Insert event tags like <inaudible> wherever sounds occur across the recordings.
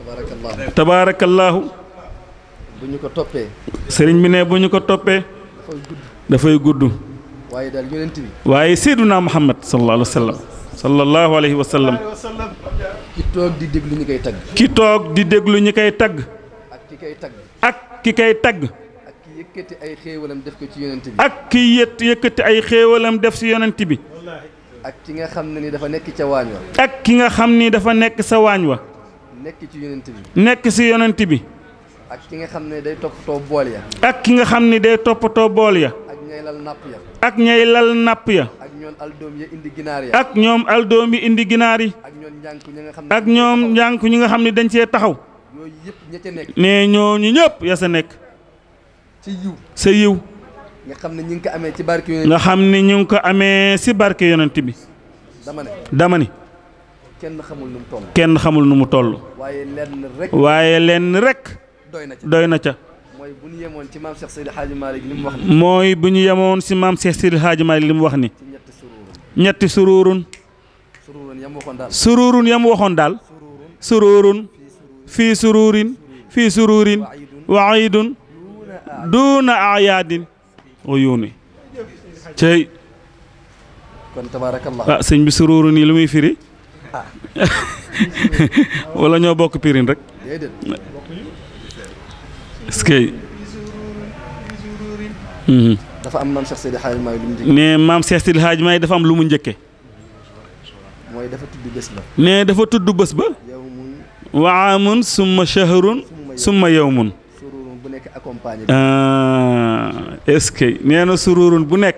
tabaarakallaahu tabaarakallaahu bu ñu ko toppee. sëriñ bi ne bu ñu ko toppee. dafay gudd. waaye daal yonent waaye Seydunaa Muhammad sallallahu alayhi wa sallam. sallallahu alayhi wa sallam. ki toog koy tagg. ki toog di déglu ñu koy tagg. ak ki koy tagg. ak ki koy tagg. ak ay xéewalam def ko ci yonent bi. ak ki yëkkati ay xéewalam def ci yonent bi. ki nga xam ne ni dafa nekk ca waañ wa. dafa nekk sa waañ wa. nekk ci yonent bi. nekk si yonent bi. ak ki nga xam ne day toppatoo bool ya. ak ki nga xam ne day toppatoo bool ya. ak ñay lal napp ya. ak ñay lal napp ya. ak ñoom aldoom yi indi ginaar ya. ak ñoom aldoom yi indi ginaar yi. ak ñoom njànku ñi nga xam ne. ak ñoom njànku ñi nga xam ne dañ cee taxaw. yooyu yëpp ña ca nekk. ne ñëpp ya sa nekk. ci sa yiw. nga xam ne ñu ngi ko amee ci barke yonent bi. nga xam ne ñu ngi ko amee si barke yonent bi. dama ne kenn xamul nu mu toll. kenn xamul nu mu toll. waaye lenn rek. waaye lenn rek. doy na ca doy na ca. mooy bu ñu yemoon ci maam Cheikh Seydi Hadji Malick bu ñu yemoon si maam Cheikh Seydi Hadji Malick li mu wax ni. ñetti sururun. ñetti sururun. sururun yam waxoon daal. sururun waxoon daal. sururun. fii sururin. fii sururin. wa iidun. ayaadin. uyuuni. cey. Ah bi sururun yi lu muy firi. <laughs> wala ñoo bokk pirin rek sk ce mhm. am maam Cheikh Seydi Hadj Maay lu maam Cheikh Seydi Hadj dafa am lu mu njëkkee. mooy dafa tudd bés ba. ne dafa tudd bés ba. waamun summa shahrun summa yawmun. sururun bu nekk accompagné. Ah, est-ce nee na sururun bu nekk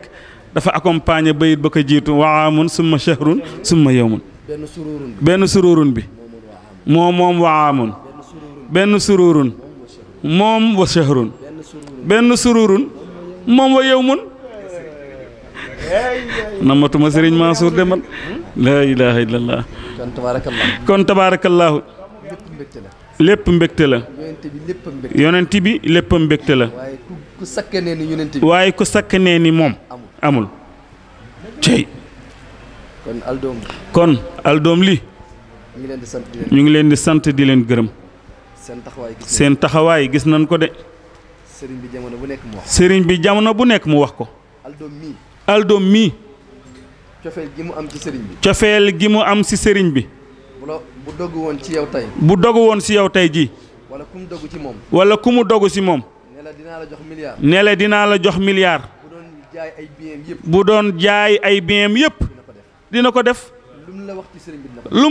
dafa accompagné bayit ba ko jiitu waamun summa shahrun summa yawmun. benn sururun bi benn sururun bi moom moom waamun benn sururun moom wa shahrun benn sururun moom wa yowmun namatuma sëriñ Mansour demal laa ilaha illallah kon tabaarakallaahu lépp mbégte la yonent bi lépp mbégte la waaye ku sakkanee ni moom amul cey kon aldoom kon aldoom li ñu ngi leen di sant di leen ñu ngi leen di sant di leen gërëm. seen taxawaay gis seen taxawaay gis nañ ko de. sëriñ bi jamono bu nekk mu wax. sëriñ bi jamono bu nekk mu wax ko. aldoom mii. aldoom mii. cofeel gi mu am ci sëriñ bi. cofeel gi mu am si sëriñ bi. bu dogu woon ci yow tey. bu dogu woon si yow tey jii. wala ku mu dogu ci moom. wala ku mu dogu si moom. la dinaa la jox milliard. ne la dinaa la jox milliard. bu doon jaay ay biens yëpp. bu doon jaay ay biens yëpp. dina ko def. lum la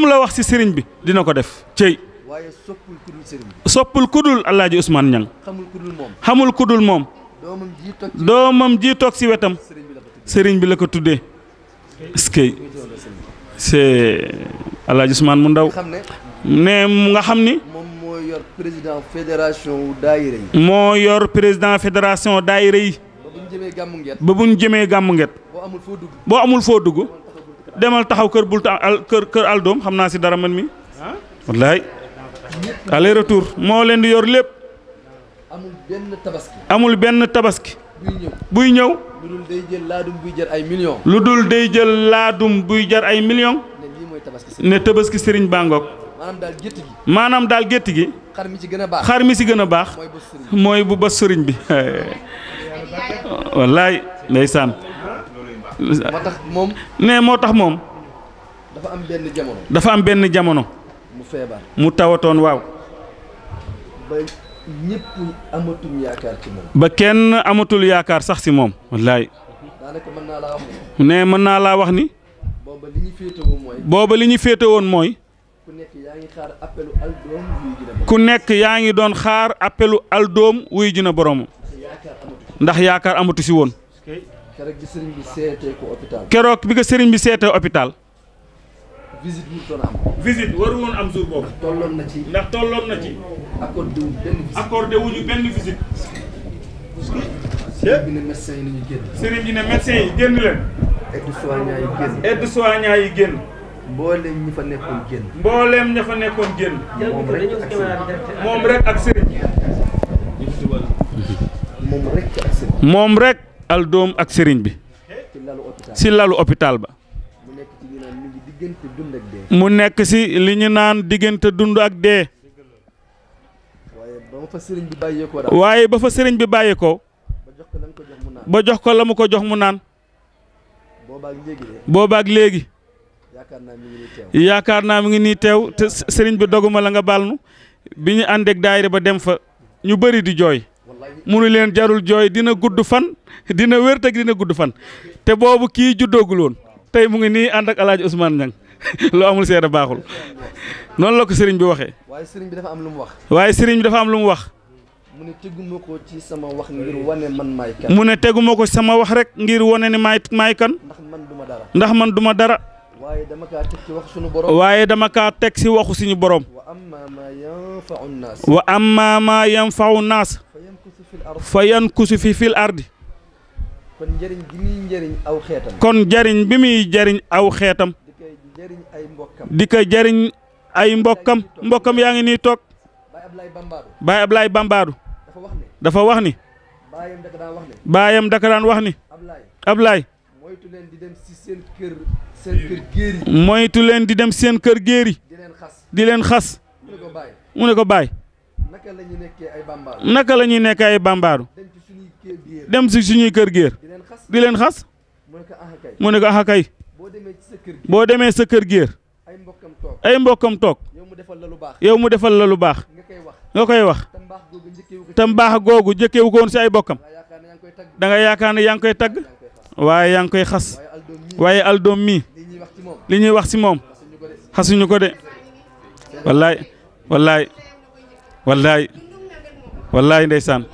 la wax ci sëriñ bi dina ko def cey. waaye soppul kudul sëriñ bi. soppul kudul Alaaji xamul kudul moom. xamul kudul moom. doomam ji toog ci doomam wetam. sëriñ bi la ko tuddee. eskey c'est Alaaji Ousmane mu ndaw. ne mu nga xam ni. moom moo yor président fédération daayira yi. moo yor président fédération daayira yi. ba bu ñu jëmee gàmmu nget. jëmee gàmmu nget. amul foo dugg. boo amul foo dugg. demal taxaw kër bul kër kër aldoom xam naa si dara man mi wallaay aller retour moo leen di yor lépp amul benn tabaski amul benn tabaski buy ñëw lu dul day jël laadum buy jar ay millions. lu dul day jël laadum buy jar ay millions. ne tabaski sëriñ Bangoog. maanaam daal gétt maanaam daal gétt gi. xar mi ci gën a baax mi ci gën a baax. mooy bu bas sëriñ bi. <laughs> wallaay ndeysaan. moo nee moo tax moom. dafa am benn jamono. dafa am benn jamono. mu feebar mu tawatoon waaw. ba ñëpp amatul yaakaar kenn amatul yaakaar sax si moom wallaay. mën naa laa wax ni. nee mën naa laa wax ni. booba li ñu féete woon mooy. ku nekk yaa ngi doon xaar appelu aldoom wuy ji na borom. ndax yaakaar amatu si woon. keroog bi sëriñ bi seetee ko hôpital. keroog bi ko sëriñ bi seetee hôpital. visite wul doon am. visite waru woon am jour na ci. ndax tolloon na ci. accordé wuñu benn visite. benn visite. sëriñ bi ne médecin yi génn. sëriñ bi ne médecin yi génn leen. aide soignant yi génn. aide soignant yi mbooleem ñi fa nekkoon génn. mbooleem ña fa nekkoon génn. moom rek ak sëriñ moom rek aldoom ak sëriñ bi si lalu hôpital ba mu nekk si li ñu naan diggante dund ak dee waaye ba fa sëriñ bi bàyyi ko ba jox ko la mu ko jox mu naan boobaak léegi yaakaar naa mu ngi nii teew te sëriñ bi doguma la nga baal bi ñu àndeek daayira ba dem fa ñu bëri di jooy munu leen jarul jooy dina gudd fan <laughs> dina wér teg dina gudd fan te boobu kii juddoogul woon tey mu ngi nii ànd ak alaaji Ousmane Niang <laughs> lu amul seede baaxul noonu la ko sëriñ bi waxee. waaye sëriñ bi dafa am lu mu wax. waaye sëriñ dafa am lu mu wax. mu ne teguma ko ci sama wax ngir wane man maay mu ne teguma ko sama wax rek ngir wane ni maay maay kan. ndax man duma dara. ndax man duma dara. waaye dama kaa teg ci waxu suñu borom. waaye dama kaa teg ci waxu suñu borom. wa am ma yanfa'u naas. wa amma ma yanfa'u naas. fa yankusu fi fil ardi. kon njëriñ bi muy njëriñ aw xeetam. kon njëriñ bi muy njëriñ aw xeetam. di ko jëriñ ay mbokkam. di ko jëriñ ay mbokkam mbokkam yaa ngi nii toog. Baay Ablaay Bambaadu. Baay dafa wax ni. dafa wax ni. baayam daka daan wax ni. baayam daka moytu leen di dem seen kër seen kër di leen xas di mu ne ko baay naka la ñuy ay bambaaru. dem si suñuy kër géer di leen xas mu ne ko axa boo demee sa kër géer ay mbokkam toog yow mu defal la lu baax nga koy wax te mbaax googu njëkkewu ko woon si ay bokkam da nga yaakaar ne yaa ngi koy tagg waaye yaa ngi koy xas waaye doom mii li ñuy wax si moom xasuñu ko de wallaay wallaay wallaay wallaay ndeysaan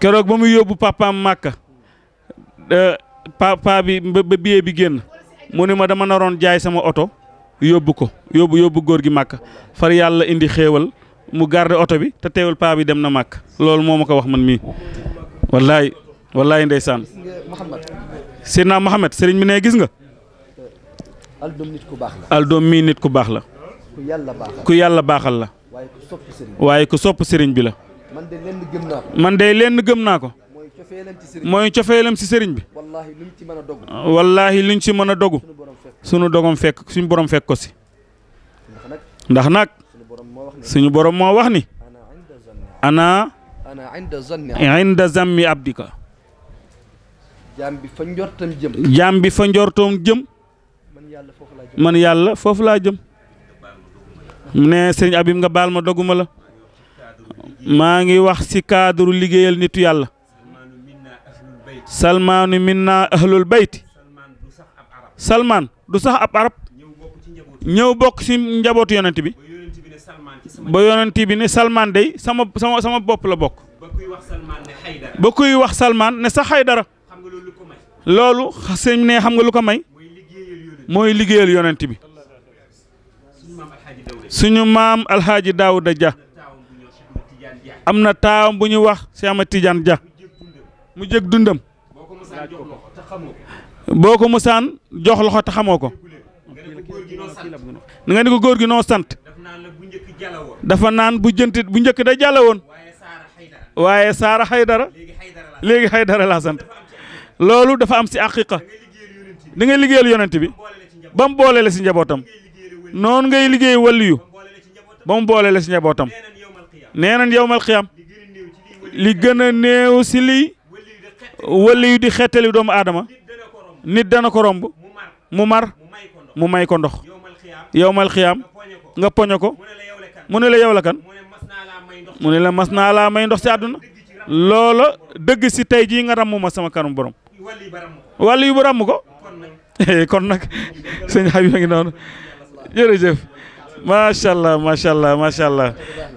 keroog ba mu yóbbu pàppaam màkka papa bi ba billet bi génn mu ni ma dama naroon jaay sama oto yóbbu ko yóbbu yóbbu góor gi màkk far yàlla indi xéewal mu garde oto bi te teewul paa bi dem na màkk loolu moo ma ko wax man mii wallaay wallaay ndeysaan Seydina Mohamed sëriñ bi ne gis nga aldoom ku baax aldoom mii nit ku baax la ku yàlla baaxal la waaye ku sopp sëriñ bi la man de lenn gëm naa ko. man de lenn gëm naa ko. mooy cofeelam ci sëriñ bi. wallaahi luñ ci mën a dogu. wallaahi luñ mën a dogu. suñu dogom fekk suñu borom fekk ko si. ndax nag suñu borom moo wax ni. ana. inda zammi abdika. jaam bi fa njortam jëm. jaam bi fa njortoom jëm. man yàlla foofu laa jëm. ne sëriñ Abib nga baal ma doguma la. maa ngi wax ci cadre liggéeyal nitu yàlla salmaanu minna ahlul bayti salmaan du sax ab arab ñëw bokk si njabootu yonent bi ba ne salmaan day sama sama sama bopp la bokk ba kuy wax salmaan ne sax xaydara loolu sëñ ne xam nga lu ko may mooy liggéeyal yonent suñu maam alxaaji daawuda ja am na taawam bu ñu wax Cheikh Ahmed Tidiane Dia mu jëg dundam boo ko musaan jox loxo te xamoo ko nga ni ko góor gi noo sant dafa naan bu jëntit bu njëkk da jàlla woon waaye saara xaydara léegi xaydara la sant loolu dafa am si aqiqa da ngay liggéeyal yonent bi ba mu boole si njabootam noon ngay liggéey waliyu ba mu boole la si njabootam nee nañ yowmal xiyaam li gën a néew si lii wëli di xettali doomu aadama nit dana ko romb mu mar mu may ko ndox yowmal xiyaam nga poñe ko mu ne la yow la kan mu ne la mas naa laa may ndox si àdduna loola dëgg si tey jii nga ràmm ma sama kanam borom wàllu ba ràmm ko <laughs> kon nag <laughs> sëñ Habib a ngi noonu jërëjëf macha allah macha allah macha allah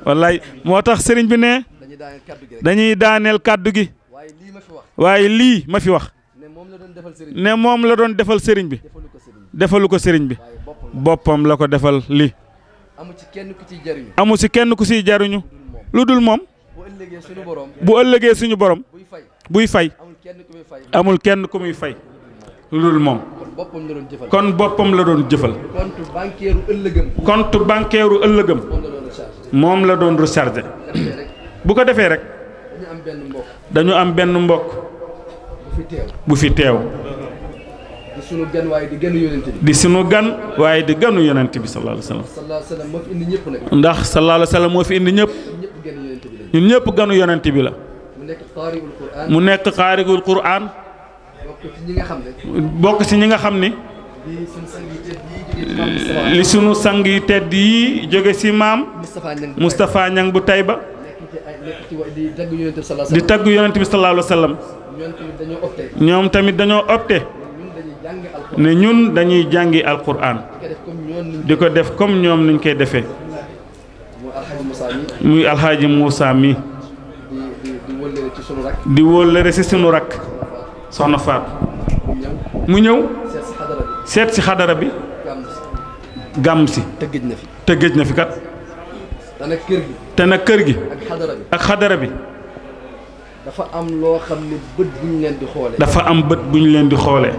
wallaay moo tax sëriñ bi ne dañuy daaneel kàddu gi waaye lii ma fi wax ne moom la doon defal sëriñ bi defalu ko sëriñ bi boppam la ko defal lii amu ci kenn ku ciy jariñu lu dul moom bu ëllëgee suñu borom buy fay amul kenn ku muy fay lu dul moom boppam la doon jëfal. kon boppam la doon jëfal. compte bancaire u ëllëgam. compte bancaire u ëllëgam. moom la doon rechargé. bu ko defee rek. dañu am benn mbokk. dañu am benn mbokk. bu fi teew bu fi teew. di sunu gan waaye di ganu yonent bi. sunu gan waaye di ganu yonent bi sallallahu alayhi wa sallam. moo indi ñëpp ndax sallallahu alayhi moo fi indi ñëpp. ñun ñëpp ganu yonent bi la. mu nekk xaariul Qur'an bok ci ñi nga xam li sunu sangi yi tedd yi jóge ci mam mustafa ñang bu tayba di tagg yonent bi sallallahu alaihi wasallam sallam tamit dañu opté ne ñun dañuy jangi alquran di def comme ñom niñ koy defé muy alhaji musa mi di wóllëre ci sunu rak soxna faat mu ñëw seet si xadara bi gàmm si te géej na fi kat te nag kër gi ak xadara bi dafa am loo xam ne bët bu ñu leen di xoole dafa am bët bu ñu leen di xoolee.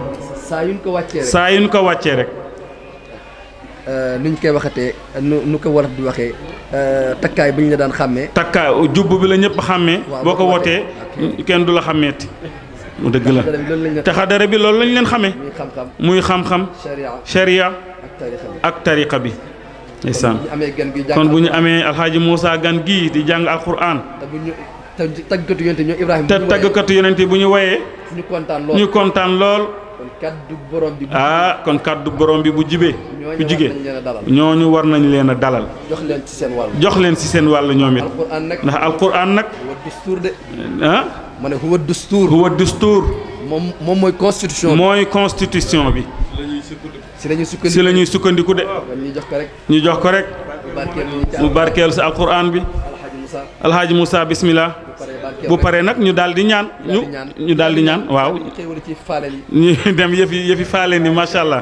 saa yuñ ko wàccee saa yuñ ko wàccee rek. Euh, nu ñu koy waxatee nu nu ko war di waxee euh, takkaay bi ñu la daan xàmmee. takkaay jubb bi la ñëpp xàmmee. boo ko wootee kenn du la xàmmeeti. dëgg la te xadara bi loolu lañ leen xamee muy xam-xam sharia ak tarixa bi ndeysaan kon bu ñu amee alxaaji Moussa gan gii di jàng alquran te taggkatu yonent ñoo Ibrahima te taggkatu yonent bu ñu woyee ñu kontaan lool ah kon kàddu borom bi bu jibee bu jigee ñu war nañ leen a dalal jox leen ci seen wàll jox leen ci seen wàll ñoom it ndax alquran nag ah ma ne huwa dustuur huwa dustuur moom moom mooy constitution mooy constitution bi si la ñuy sukkandiku sukkandiku de ñu jox ko rek ñu jox ko rek mu barkeelu si alquran bi alhaaji Moussa bismillah bu paree nag ñu daal di ñaan ñu ñu daal di ñaan waaw <laughs> ñu dem yëfi yëfi faale ni macha allah.